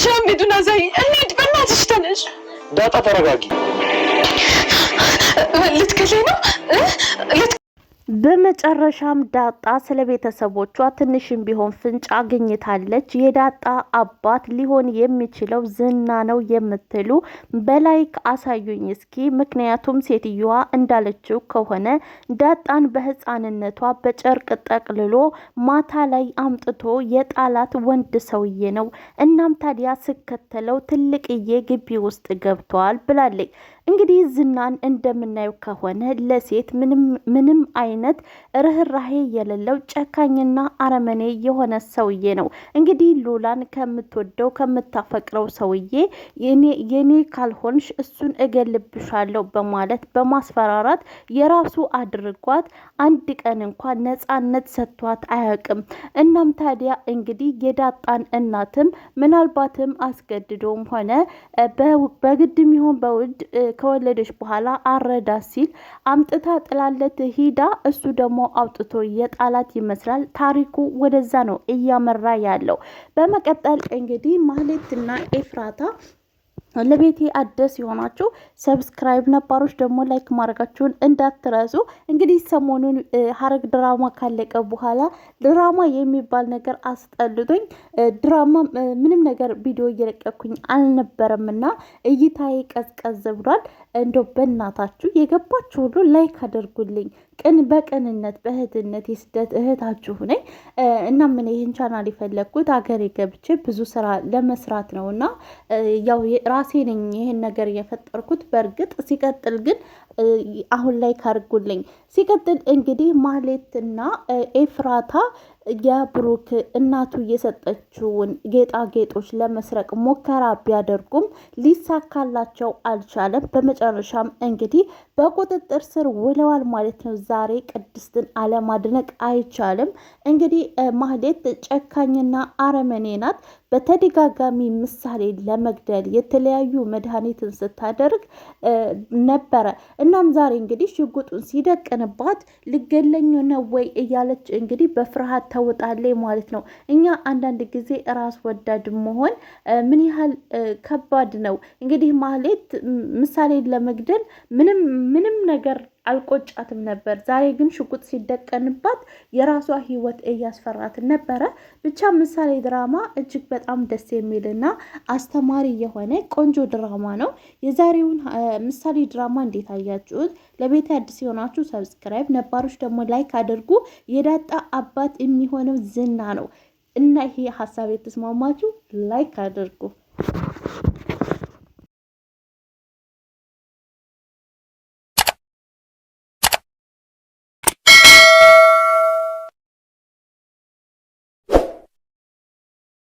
አንቺ አምዱና ዘይ እንሂድ፣ በእናትሽ ተነሽ። ዳጣ ተረጋጊ። በመጨረሻም ዳጣ ስለ ቤተሰቦቿ ትንሽም ቢሆን ፍንጭ አግኝታለች። የዳጣ አባት ሊሆን የሚችለው ዝና ነው የምትሉ በላይክ አሳዩኝ እስኪ። ምክንያቱም ሴትዮዋ እንዳለችው ከሆነ ዳጣን በሕፃንነቷ በጨርቅ ጠቅልሎ ማታ ላይ አምጥቶ የጣላት ወንድ ሰውዬ ነው። እናም ታዲያ ስከተለው ትልቅዬ ግቢ ውስጥ ገብተዋል ብላለች። እንግዲህ ዝናን እንደምናየው ከሆነ ለሴት ምንም አይነት ርኅራሄ የሌለው ጨካኝና አረመኔ የሆነ ሰውዬ ነው። እንግዲህ ሉላን ከምትወደው ከምታፈቅረው ሰውዬ የኔ ካልሆንሽ እሱን እገልብሻለሁ በማለት በማስፈራራት የራሱ አድርጓት አንድ ቀን እንኳ ነፃነት ሰጥቷት አያውቅም። እናም ታዲያ እንግዲህ የዳጣን እናትም ምናልባትም አስገድዶም ሆነ በግድም ይሆን በውድ ከወለደች በኋላ አረዳ ሲል አምጥታ ጥላለት ሂዳ እሱ ደግሞ አውጥቶ የጣላት ይመስላል። ታሪኩ ወደዛ ነው እያመራ ያለው። በመቀጠል እንግዲህ ማህሌትና ኤፍራታ ለቤቴ አዲስ የሆናችሁ ሰብስክራይብ፣ ነባሮች ደግሞ ላይክ ማድረጋችሁን እንዳትረሱ። እንግዲህ ሰሞኑን ሀረግ ድራማ ካለቀ በኋላ ድራማ የሚባል ነገር አስጠልቶኝ ድራማ ምንም ነገር ቪዲዮ እየለቀኩኝ አልነበረም እና እይታዬ ቀዝቀዝ ብሏል። እንደው በእናታችሁ የገባችሁ ሁሉ ላይክ አድርጉልኝ። ቅን በቅንነት በእህትነት የስደት እህታችሁ ነኝ እና ምን ይህን ቻናል የፈለግኩት ሀገሬ ገብቼ ብዙ ስራ ለመስራት ነው እና ያው ራሴ ነኝ ይሄን ነገር የፈጠርኩት። በእርግጥ ሲቀጥል ግን አሁን ላይ ካርጉልኝ ሲቀጥል እንግዲህ ማሌትና ኤፍራታ ያ ብሩክ እናቱ የሰጠችውን ጌጣጌጦች ለመስረቅ ሙከራ ቢያደርጉም ሊሳካላቸው አልቻለም። በመጨረሻም እንግዲህ በቁጥጥር ስር ውለዋል ማለት ነው። ዛሬ ቅድስትን አለማድነቅ አይቻልም። እንግዲህ ማህሌት ጨካኝና አረመኔ ናት። በተደጋጋሚ ምሳሌ ለመግደል የተለያዩ መድኃኒትን ስታደርግ ነበረ። እናም ዛሬ እንግዲህ ሽጉጡን ሲደቅንባት ልገለኝ ነው ወይ እያለች እንግዲህ በፍርሃት ታወጣለች ማለት ነው። እኛ አንዳንድ ጊዜ ራስ ወዳድ መሆን ምን ያህል ከባድ ነው። እንግዲህ ማህሌት ምሳሌን ለመግደል ምንም ምንም ነገር አልቆጫትም ነበር። ዛሬ ግን ሽጉጥ ሲደቀንባት የራሷ ህይወት እያስፈራት ነበረ። ብቻ ምሳሌ ድራማ እጅግ በጣም ደስ የሚልና አስተማሪ የሆነ ቆንጆ ድራማ ነው። የዛሬውን ምሳሌ ድራማ እንዴት አያችሁት? ለቤት አዲስ የሆናችሁ ሰብስክራይብ፣ ነባሮች ደግሞ ላይክ አድርጉ። የዳጣ አባት የሚሆነው ዝና ነው እና ይሄ ሀሳብ የተስማማችሁ ላይክ አድርጉ።